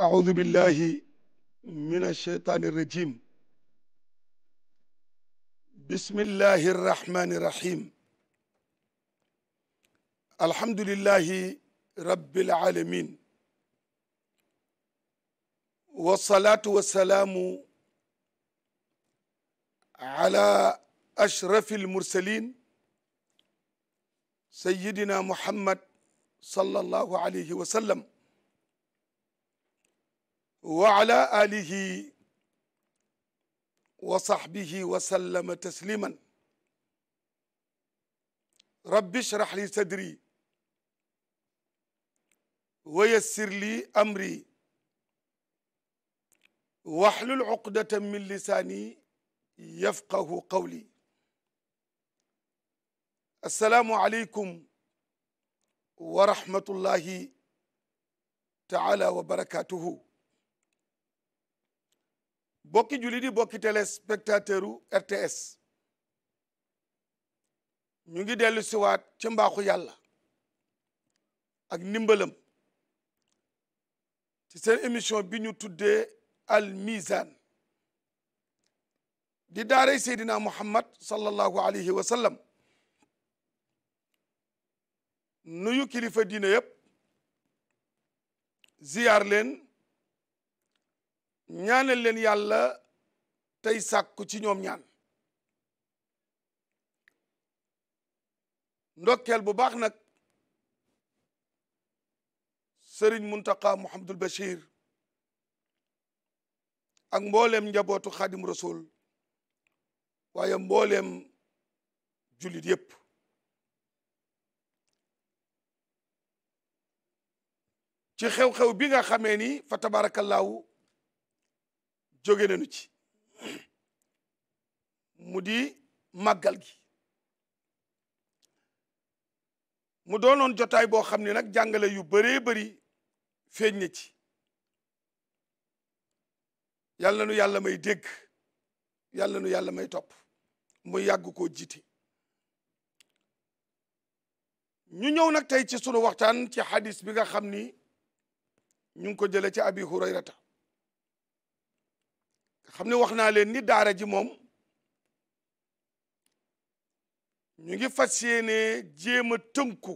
أعوذ بالله من الشيطان الرجيم بسم الله الرحمن الرحيم الحمد لله رب العالمين والصلاة والسلام على أشرف المرسلين سيدنا محمد صلى الله عليه وسلم wa ala alihi wa sahbihi wa sallama tasliman rabbi ishrah li sadri wa yassir li amri wahlul uqdatan min lisani yafqahu qawli assalaamu aleykum wa rahmatullahi taala wa barakatuhu bokki jullit yi bokki téléspectateur u RTS ñu ngi dellu siwaat ci mbaaxu yàlla ak ndimbalam ci seen émission bi ñu tudde al mizan di daaray seydina muhammad sallallahu alayhi wa nuyu kilifa diine yëpp ziyaar leen ñaanal leen yàlla tey sàkku ci ñoom ñaan ndokkeel bu baax nag sëriñ Muntaqa Mouhamadul Bachir ak mboolem njabootu Xaadim Rasul waaye mbooleem jullit yépp ci xew-xew bi nga xamee ni fa jóge nañu ci mu di màggal gi mu doonoon jotaay boo xam ni nag jàngale yu bëree bëri feeñ na ci yàlla nu yàlla may dégg yàlla nu yàlla may topp mu yàgg koo jiite ñu ñëw nag tey ci sunu waxtaan ci hadis bi nga xam ni ñu ngi ko jëlee ci abi hurayrata xam ne wax naa leen ni daara ji moom ñu ngi fas yéene jéem a tënku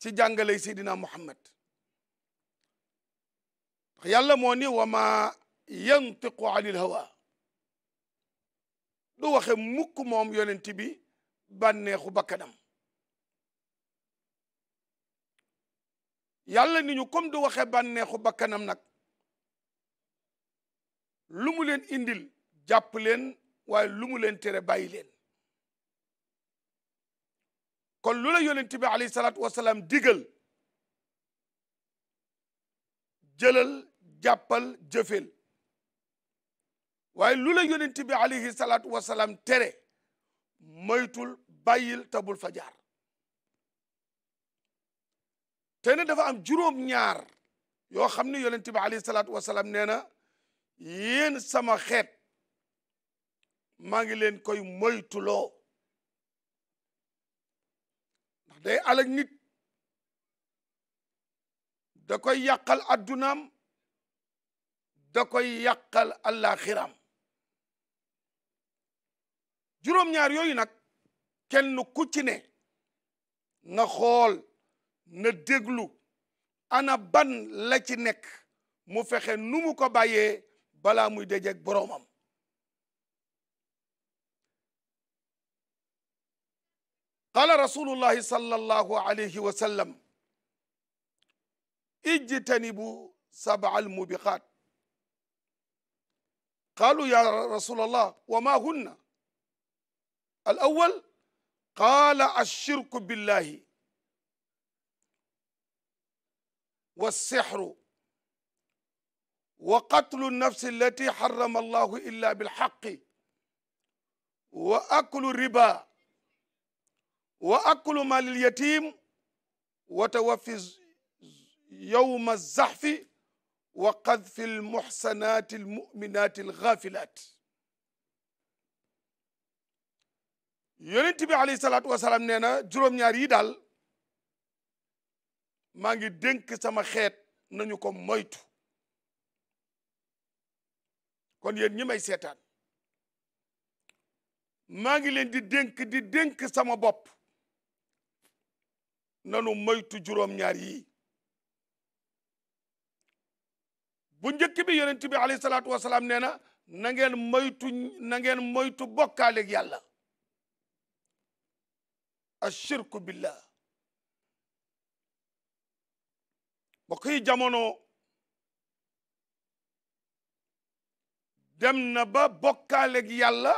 ci jàngale Seydina Muhammad yàlla moo ni wa ma yantiqu anil hawa du waxe mukk moom yonent bi bànneexu bakkanam yàlla ni ñu comme du waxe bànneexu bakkanam nag lu mu leen indil jàpp leen waaye lu mu leen tere bàyyi leen kon lu la yonent bi alayhi salaatu wasalaam digal jëlal jàppal jëfel waaye lu la yonent bi alayhi salaatu wasalaam tere moytul bàyyil tabul fa jaar te dafa am juróom ñaar yoo xam ne yonent bi alayhi salaatu wasalaam nee na yéen sama xeet maa ngi leen koy moytuloo ndax day alak nit da koy yàqal addunaam da koy yàqal àllaaxiraam juróom-ñaar yooyu nag kenn ku ci ne na xool na déglu ana ban la ci nekk mu fexe nu mu ko bàyyee balaa muy dajeeg boroomam qaala rasulullahi sallallahu alayhi wa sallam ijtanibu sab'al mubiqaat qaalu ya rasulallah wa ma hunna al awwal qaala ashirku billahi wa sixru wa qatlu nafsi allati harrama allahu illa bilxaqi wa aklu riba wa aklu maalil yatim wa tawaffi yowma zaxfi wa qadfi almuxsanaati almuminaati alxaafilaat yonent bi alayhi salaatu wasalaam nee na juróom-ñaar yi daal maa ngi dénk sama xeet nañu ko moytu kon yéen ñi seetaan maa ngi leen di dénk di dénk sama bopp nanu moytu juróom-ñaar yi bu njëkk bi yonent bi alayhi salaatu wasalaam nee na na ngeen moytu na ngeen moytu bokkaaleeg yàlla ashirku billah bokk yi jamono dem na ba gi yàlla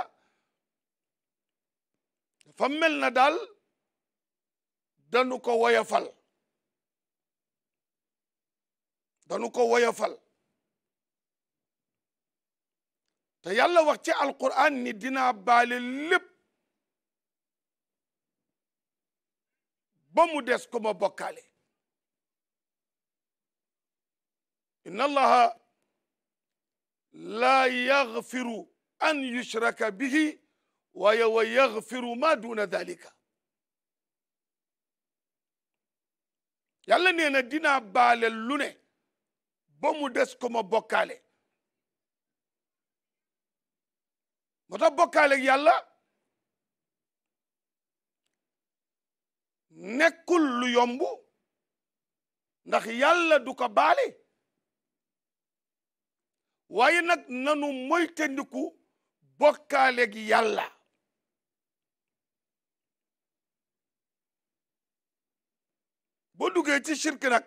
dafa mel na daal dañu ko woyafal dañu ko woyofal te yàlla wax ci alquran ni dina baale lépp ba mu des ko ma bokkaale inna allaha laa yaghfiru an yushraka bihi waaye wa yaghfiru ma duna dalika yàlla nee na dinaa baale lu ne ba mu des ko ma bokkaale moo tax bokkaale yàlla nekkul lu yomb ndax yàlla du ko baale waaye nag nanu moytandiku bokkaale gi yàlla boo duggee ci shirk nag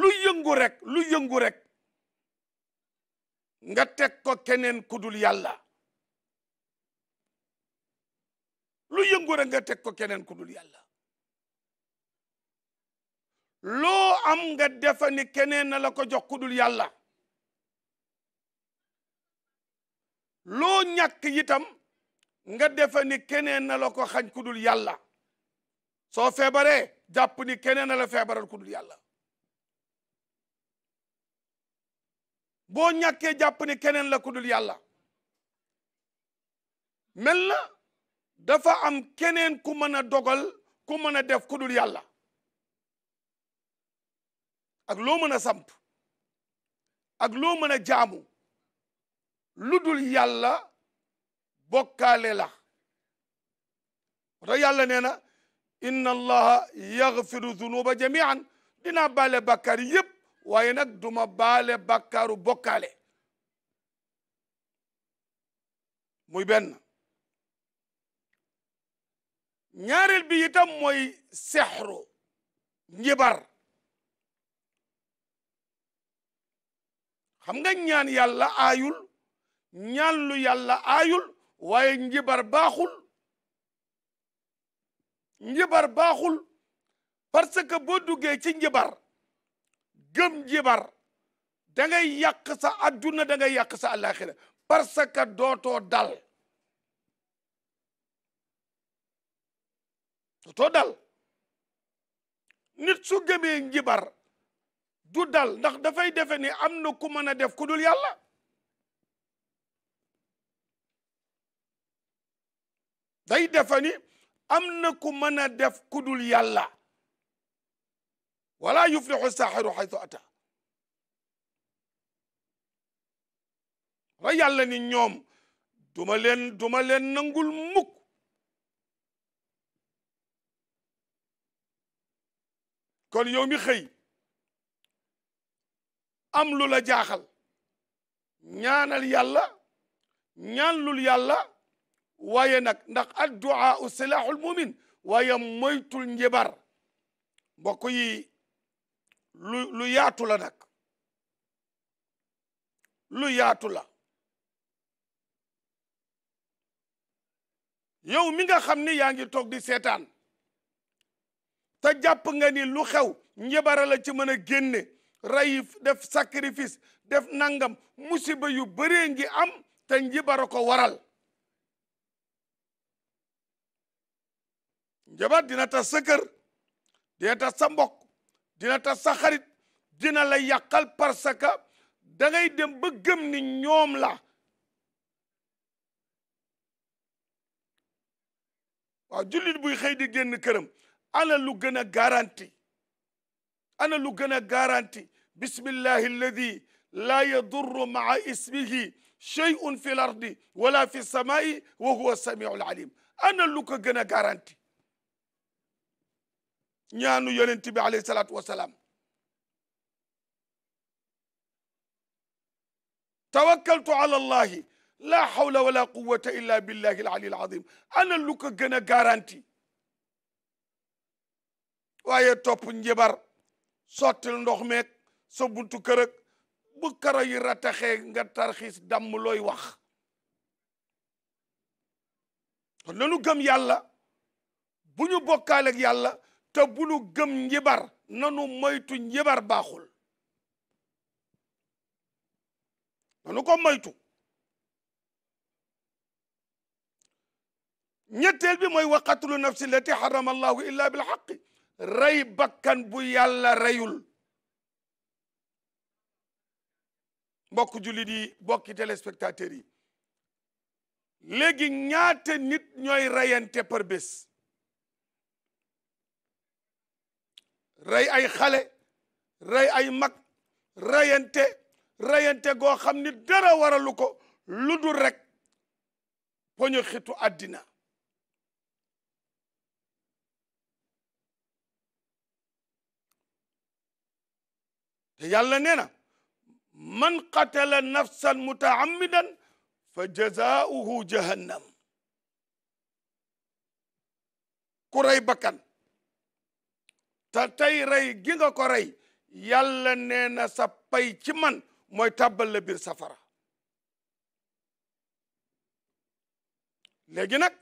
lu yëngu rek lu yëngu rek nga teg ko keneen ku dul lu yëngu rek nga teg ko keneen ku dul yàlla loo am nga defa ni keneen la ko jox ku dul yàlla loo ñàkk itam nga defa ni keneen la ko xañ ku dul yàlla soo feebaree jàpp ni keneen la feebaral ku yàlla boo ñàkkee jàpp ni keneen la ku dul yàlla mel na dafa am keneen ku mën a dogal ku mën a def ku dul yàlla ak loo mën a samp ak loo mën a jaamu lu dul yàlla bokkaale la wata yàlla nee na inna allaha yaghfiru zunuba jamian dinaa baale bàkkaar yëpp waaye nag duma baale bàkkaaru bokkaale muy benn ñaareel bi itam mooy sexru njibar xam nga ñaan yàlla aayul ñaan lu yàlla ayul waaye njibar baaxul njibar baaxul parce que boo duggee ci njibar gëm njibar da ngay yàq sa adduna da ngay yàq sa àllaaxira parce dal dootoo dal nit su gëmee njibar du dal ndax dafay defe ni am na ku mën a def ku dul yàlla day defe ni am na ku mën a def ku dul yàlla wala yuflixu saaxiru xaytu ata ra yàlla ni ñoom duma leen duma leen nangul mukk kon yow mi xëy am lu la jaaxal ñaanal yàlla ñaan lul yàlla waaye nag ndax addu'a u silahul mumin waaye moytul njibar mbokk yi lu lu yaatu la nag lu yaatu la yow mi nga xam ni yaa ngi toog di seetaan te jàpp nga ni lu xew njibara la ci mën a génne ray def sacrifice def nangam musiba yu bëree ngi am te njibara ko waral njabar dina tas sa kër dina tas sa mbokk dina tas sa xarit dina la yàqal parce que da ngay dem ba gëm ni ñoom la waaw jullit buy xëy di génn këram ala lu gën a garanti ana lu gën a garanti bismillahi alladi laa yadurru maa ismihi shay'un fi l ardi wala fi samaai wa huwa samiu alalim ana lu ko gën a garanti ñaanu yonent bi alayhi salaatu wasalaam tawakkaltu ala allahi la hawla wala quwwata illa billahi alali alazim ana lu ko gën a garanti waaye topp njabar sottil ndox meeg sa buntu bu kara yi rataxe nga tarxiis damm looy wax kon nanu gëm yàlla bu ñu bokkaale ak yàlla te gëm njibar nanu moytu njibar baaxul nanu ko maytu ñetteel bi mooy waqatulu nafsi allati harama allahu illa bilxaqi rey bakkan bu yàlla reyul bokk jullit yi bokki téléspectateurs yi léegi ñaate nit ñooy reyante par bés rey ay xale rey ay mag reyante reyante goo xam ni dara waralu ko lu dul rek poñu xitu àddina te yàlla nee na man qatala nafsan mutaammidan fa jazaauhu jahannam ku bakkan te tey rey gi ko rey yàlla nee na sa pay ci man mooy tàbbal la biir safara léegi nag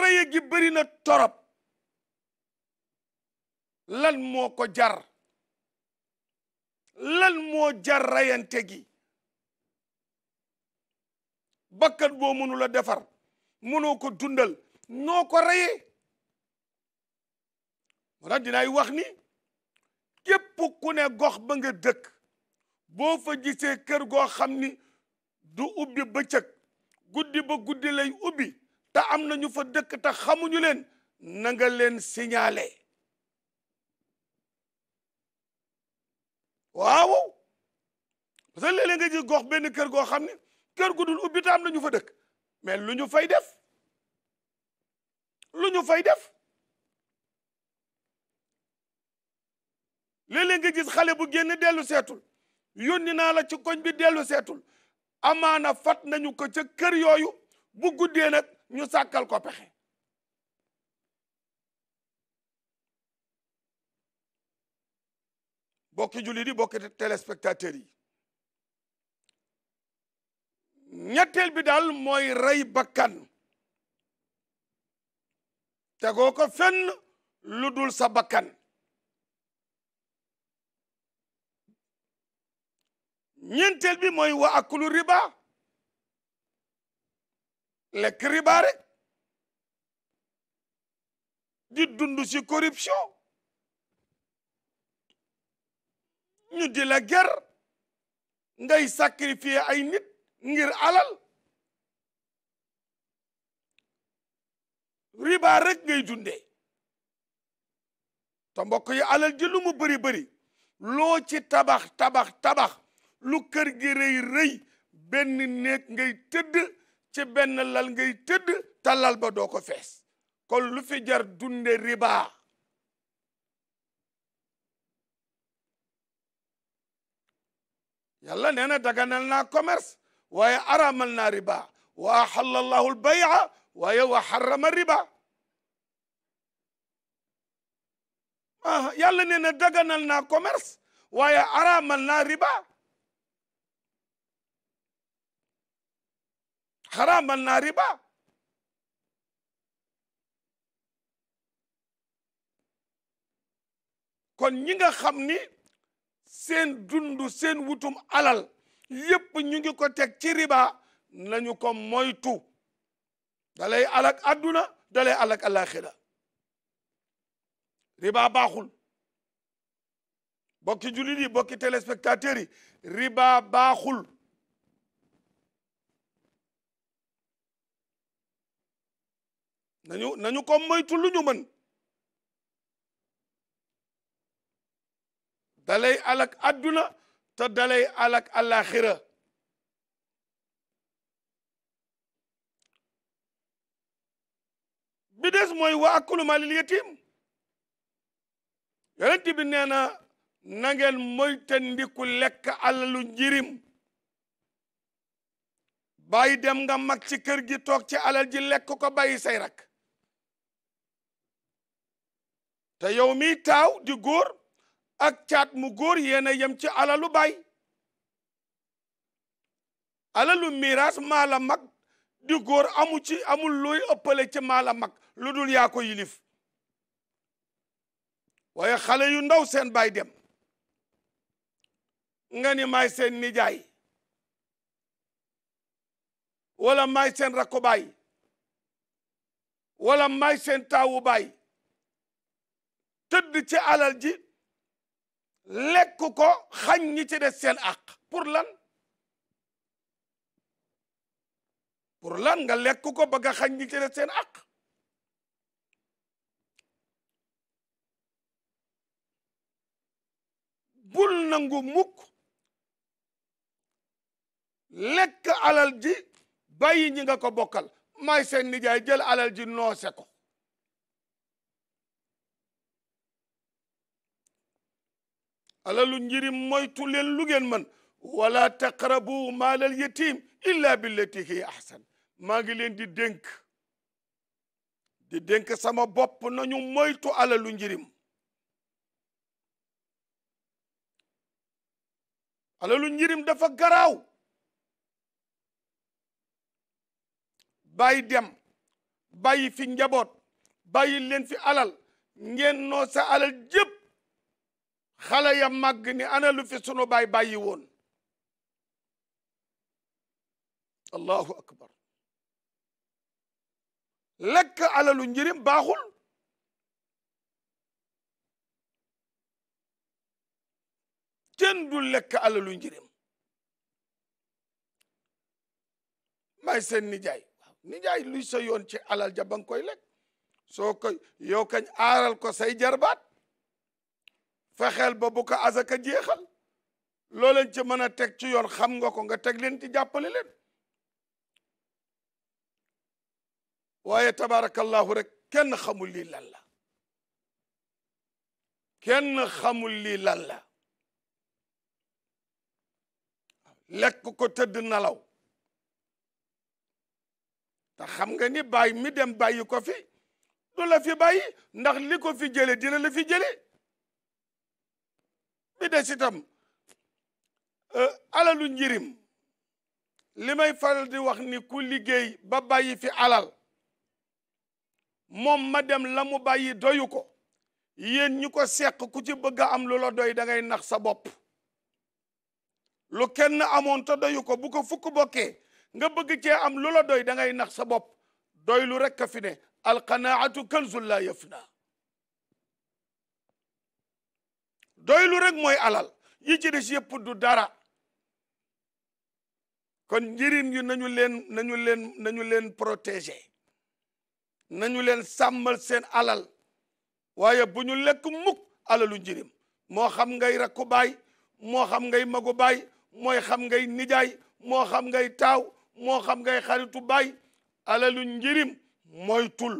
reye gi bëri na torop lan moo ko jar lan moo jar rayante gi bakkat boo mënula defar mënoo ko dundal noo ko rayee wala dinaay wax ni képp ku ne gox ba nga dëkk boo fa gisee kër goo xam ni du ubbi bëccëg guddi ba guddi lay ubbi te am na ñu fa dëkk te xamuñu leen nanga leen signalé waaw parce que léeg-léeg gis gox benn kër goo xam ne kër gu dul ubbi taam nañu fa dëkk mais lu ñu fay def lu ñu fay def léeg nga gis xale bu génn dellu seetul yónni naa la ci koñ bi dellu seetul amaana fat nañu ko ca kër yooyu bu guddee nag ñu sàkkal ko pexe bokki jullit yi bokki téléspectateurs yi ñetteel bi daal mooy rey bakkan tegoo ko fenn lu dul sa bakkan ñeenteel bi mooy wa akulu riba lekk riba di dund ci corruption ñu di la ger ngay sacrifier ay nit ngir alal riba rek ngay dundee te mbokk yi alal ji lu mu bëri bëri loo ci tabax tabax tabax lu kër gi rëy rëy benn néeg ngay tëdd ci benn lal ngay tëdd te lal ba doo ko fees kon lu fi jar dunde riba yàlla nee na daganal naa commerce waaye araamal naa riba wa axalla allahu albay'a waaye wa xarama riba ah yàlla nee na daganal naa commerce waaye araamal riba xaraamal naa riba kon ñi nga xam ni seen dundu seen wutum alal yépp ñu ngi ko teg ci riba nañu ko moytu dalay alak adduna dalay alak alaxira riba baaxul bokki jullit yi bokki téléspectateurs riba baaxul nañu nañu ko moytu lu ñu mën dalay alak adduna te dalay alak alaxira bi des mooy wa akulu maalil yatim yonent bi nee na na ngeen moytandiku lekk alalu njirim bàyyi dem nga mag ci kër gi toog ci alal ji lekko ko bàyyi say rak te yow mi taaw di góor ak caat mu góor yéen yem ci alalu baay alalu miraas maala mag di góor amu ci amul looy ëppale ci maala mag lu dul yaa ko yilif waaye xale yu ndaw seen baay dem nga ni maay seen nijaay wala maay seen rakku baay wala maay seen taawu baay tëdd ci alal ji lekk ko xañ ñi ci des seen àq pour lan pour lan nga lekk ko ba nga xañ ñi ci seen àq bul nangu mukk lekk alal ji bàyyi ñi nga ko bokkal may seen nijaay jël alal ji noose ko alalu njirim moytu leen lu ngeen man wala taqrabu maalal yatim illa billati hiya ahsan maa ngi leen di dénk di dénk sama bopp nañu moytu alalu njirim alalu njirim dafa garaaw bàyyi dem bàyyi fi njaboot bàyyi leen fi alal ngeen noo sa alal jëpp xale ya màgg ni ana lu fi sunu baay bàyyi woon allahu akbar lekk alalu njërim baaxul kenn du lekk alalu njërim may seen nijaay nijaay luy sa yoon ci alal ja ba koy lekk soo ko yow kañ aaral ko say jarbaat fexeel ba bu ko azaka jeexal loo leen ci mën a teg ci yoon xam nga ko nga teg leen ci jàppale leen waaye tabarakallahu rek kenn xamul lii lan la kenn xamul lii lan la lekk ko tëdd nalaw te xam nga ni bàyyi mi dem bàyyi ko fi du la fi ndax li ko fi jële dina la fi jële bi des eh, alalu njirim li may faral di wax ni ku liggéey ba bàyyi fi alal moom ma dem la mu bàyyi doyu ko yéen ñi ko seq ku ci bëgg a am lu doy da ngay nax sa bopp lu kenn amoon te doyu ko bu ko nga bëgg cee am lu la doy da ngay nax sa bopp doy lu rek a fi ne alqanaatu kanzul la yafna doylu rek mooy alal yi ci des yëpp du dara kon njëriñ yi nañu leen nañu leen nañu leen protéger nañu leen sàmmal seen alal waaye bu ñu lekk mukk alalu njëriñ moo xam ngay rakku baay moo xam ngay magu baay mooy xam ngay nijaay moo xam ngay taaw moo xam ngay xaritu baay alalu njëriñ mooy tul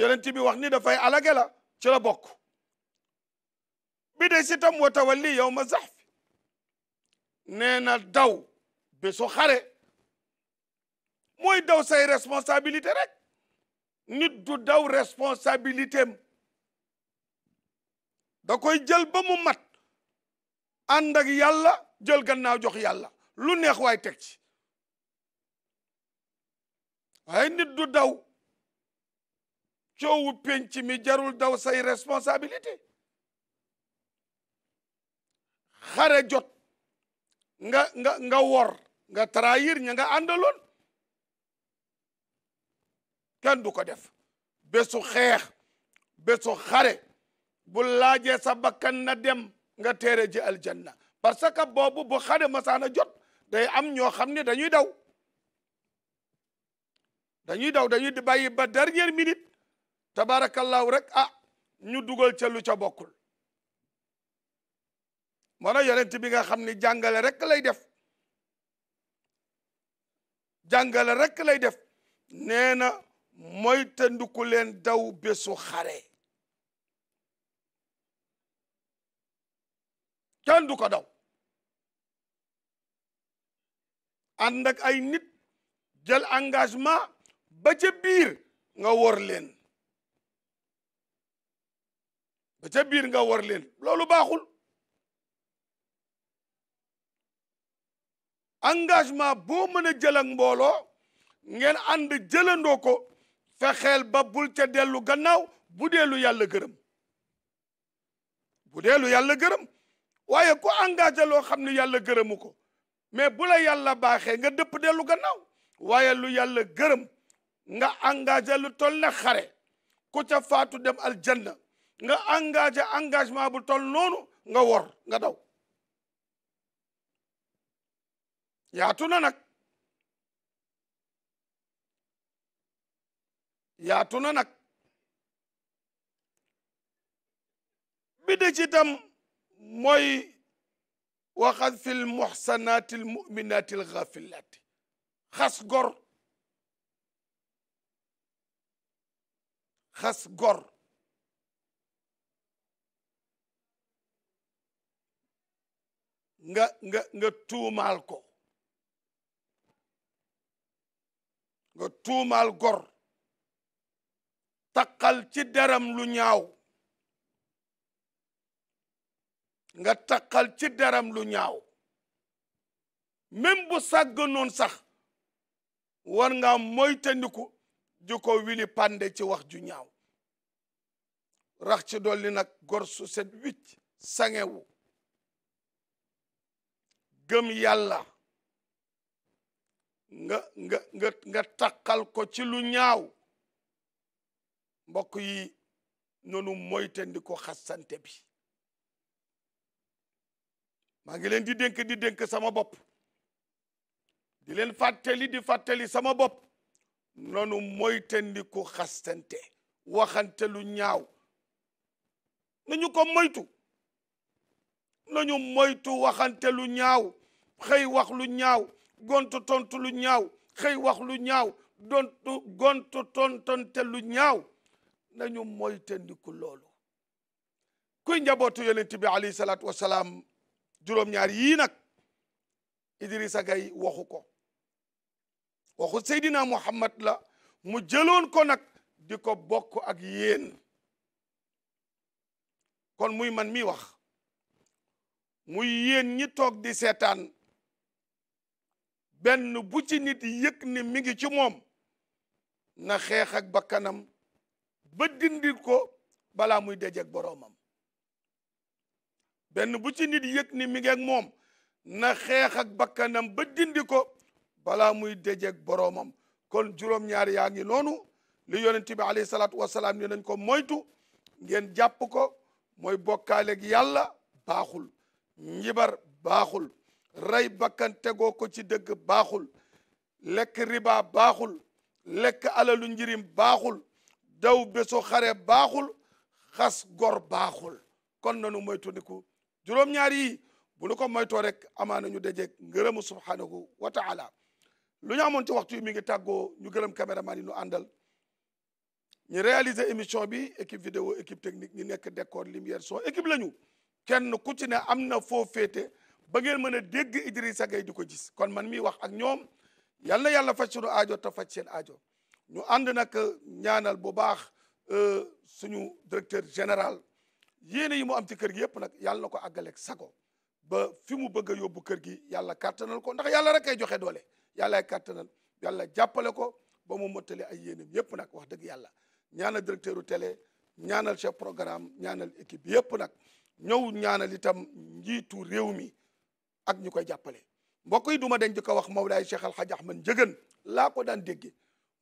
yonent bi wax ni dafay alage la ci la bokk bi de si tam wa tawalli yow ma zax fi nee na daw bésu xare mooy daw say responsabilité rek nit du daw responsabilité am da koy jël ba mu mat ànd ak yàlla jël gannaaw jox yàlla lu neex way teg ci nit du daw coowu penc mi jarul daw say responsabilité xare jot nga nga nga wor nga trahir ña nga àndaloon kenn du ko def bésu xeex bésu xare bu laajee sa bakkan na dem nga teere ji aljanna parce que boobu bu xare masaana jot day am ñoo xam ne dañuy daw dañuy daw dañuy bàyyi ba dernière minute tabaarakallaahu rek a ah, ñu dugal ca ca bokkul moo na yonent bi nga xam ni jàngale rekk lay def jàngale rekk lay def nee na mooy tënduku leen daw bésu xare kenn du daw ànd ak ay nit jël engagement ba ca biir nga wor leen ba ca biir nga war leen loolu baaxul engagement boo mën a jël ak mbooloo ngeen ànd jëlandoo ko fexeel ba bul ca dellu gannaaw bu deelu yàlla gërëm bu deelu yàlla gërëm waaye ku engagé loo xam ne yàlla gërëmu ko mais bu la yàlla baaxee nga dëpp dellu gannaaw waaye lu yàlla gërëm nga engagé lu toll na xare ku ca faatu dem aljanna nga engagé engagement bu tol noonu nga wor nga daw yaatu na nag yaatu na nag bi de ci tam mooy waxad fi l muxsanaati l muminaati xas gor xas gor nga nga nga tuumaal ko nga tuumaal gor taqal ci deram lu ñaaw nga taqal ci deram lu ñaaw même bu sàgganoon sax war nga moytandiku ju ko wili pande ci wax ju ñaaw rax ci dolli nag gor su set wicc sangewu gëm yàlla nga nga nga takkal ko ci lu ñaaw mbokk yi noonu moytandi ko xasante bi maa ngi leen di dénk di dénk sama bopp di leen fàttali di fàttali sama bopp noonu moytandi ko xasante waxante lu ñaaw nañu ko moytu nañu moytu waxante lu ñaaw xëy wax lu ñaaw gontu tontu lu ñaaw xëy wax lu ñaaw dontu gontu tontonte lu ñaaw nañu moytandiku loolu kuy njabootu yonent bi alayhi salaatu wasalaam juróom-ñaar yii nag Idrissa Gay waxu ko waxu Seydina Muhammad la mu jëloon ko nag di ko bokk ak yéen kon muy man mi wax muy yéen ñi toog di seetaan benn bu ci nit yëg ni mi ngi ci moom na xeex ak bakkanam ba ko balaa muy dejeeg boroomam benn bu ci nit yëg ni mi ngi moom na xeex ak bakkanam ba dindi ko balaa muy dejeeg boroomam kon juróom-ñaar yaa ngi noonu li yonent bi alayhi salaatu wasalaam ne nañ ko moytu ngeen jàpp ko mooy bokkaaleeg yàlla baaxul njibar baaxul rey bakkan tegoo ko ci dëgg baaxul lekk riba baaxul lekk alalu njirim baaxul daw bésu xare baaxul xas gor baaxul kon nanu moytandiku juróom-ñaar bu nu ko moytoo rek amaana ñu dajeeg ngërëmu subhanahu wa taala lu ñu amoon ci waxtu yi mi ngi tàggoo ñu gërëm caméraman yi ñu àndal ñu réaliser émission bi équipe vidéo équipe technique ñi nekk décor limière son équipe la ñu kenn ku ci ne am na foo féete ba ngeen mën a dégg Idrissa Gueye di ko gis kon man mi wax ak ñoom yal na yàlla faj sunu aajo te faj seen aajo ñu ànd nag euh, ñaanal bu baax euh, suñu directeur général yéene yi mu am ci kër gi yëpp nag yàlla na ko àggaleeg sago ba fi mu bëgg a yóbbu kër gi yàlla kàttanal ko ndax yàlla rek ay joxe doole yàllaay kàttanal yàlla jàppale ko ba mu mottali ay yéenam yëpp nag wax dëgg yàlla ñaanal directeur tele télé ñaanal chef programme ñaanal équipe yëpp nag ñëw ñaanal itam njiitu réew mi ak ñu koy jàppale mbokk yi duma dañ di ko wax Mawlaay Cheikh Al Hadj Ahmed Ndiéguène laa ko daan dégge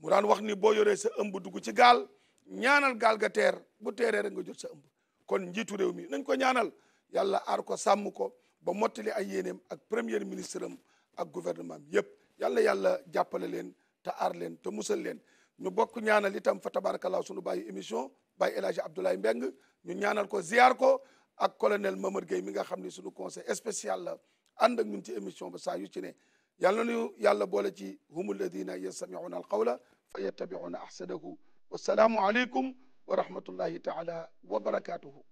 mu daan wax ni boo yoree sa ëmb dugg ci gaal ñaanal gaal ga teer bu teeree rek nga jot sa ëmb kon njiitu réew mi nañ ko ñaanal yàlla aar ko sàmm ko ba mottali ay yéeneem ak premier ministre am ak gouvernement am yëpp yàlla yàlla jàppale leen te aar leen te musal leen ñu bokk ñaanal itam fa tabaarakallaa sunu bàyyi émission bàyyi El Hadj Abdoulaye Mbeng ñu ñaanal ko ziar ko ak colonel Mamad mi nga xam ne sunu conseil spécial la ànd ak ñun ci émission ba saa yu ci ne yàlla nañu yàlla boole ci humu alladina yastamiuna alqawla fa yattabiuna ahsanahu wassalaamu aleykum wa rahmatullahi taala wa barakatuhu